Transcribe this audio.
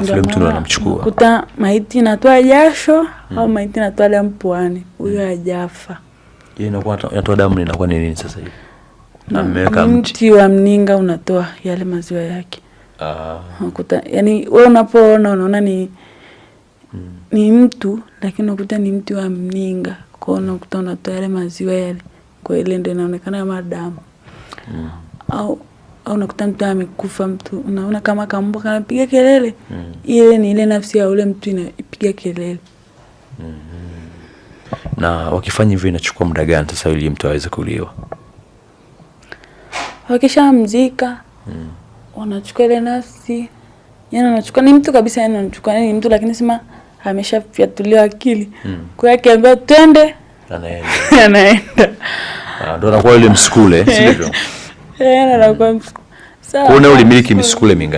vile mtu anamchukua. Kuta maiti inatoa jasho mm. au maiti natoa damu puani, huyo hmm. hajafa. Ile inakuwa damu inakuwa ni nini sasa hivi? mti wa mninga unatoa yale maziwa yake. Ah. yani we unapoona unaona ni hmm. ni mtu lakini unakuta ni mti wa mninga. Kwa hiyo unakuta unatoa yale maziwa yale. Kwa ile ndo inaonekana ya damu. Mm. Au au unakuta mtu amekufa, mtu unaona kama kambo kanapiga kelele mm. ile ni ile nafsi ya ule mtu inapiga kelele mm -hmm. na wakifanya hivyo inachukua muda gani sasa ili mtu aweze kuliwa? Wakishamzika mm. wanachukua ile nafsi, yani anachukua ni mtu kabisa, yani anachukua yaani ni mtu, lakini sema ameshafyatuliwa akili mm. kwa akiambiwa twende anaenda anaenda, ah, ndio anakuwa ile msukule, sivyo? Kuna ulimiliki misukule mingapi?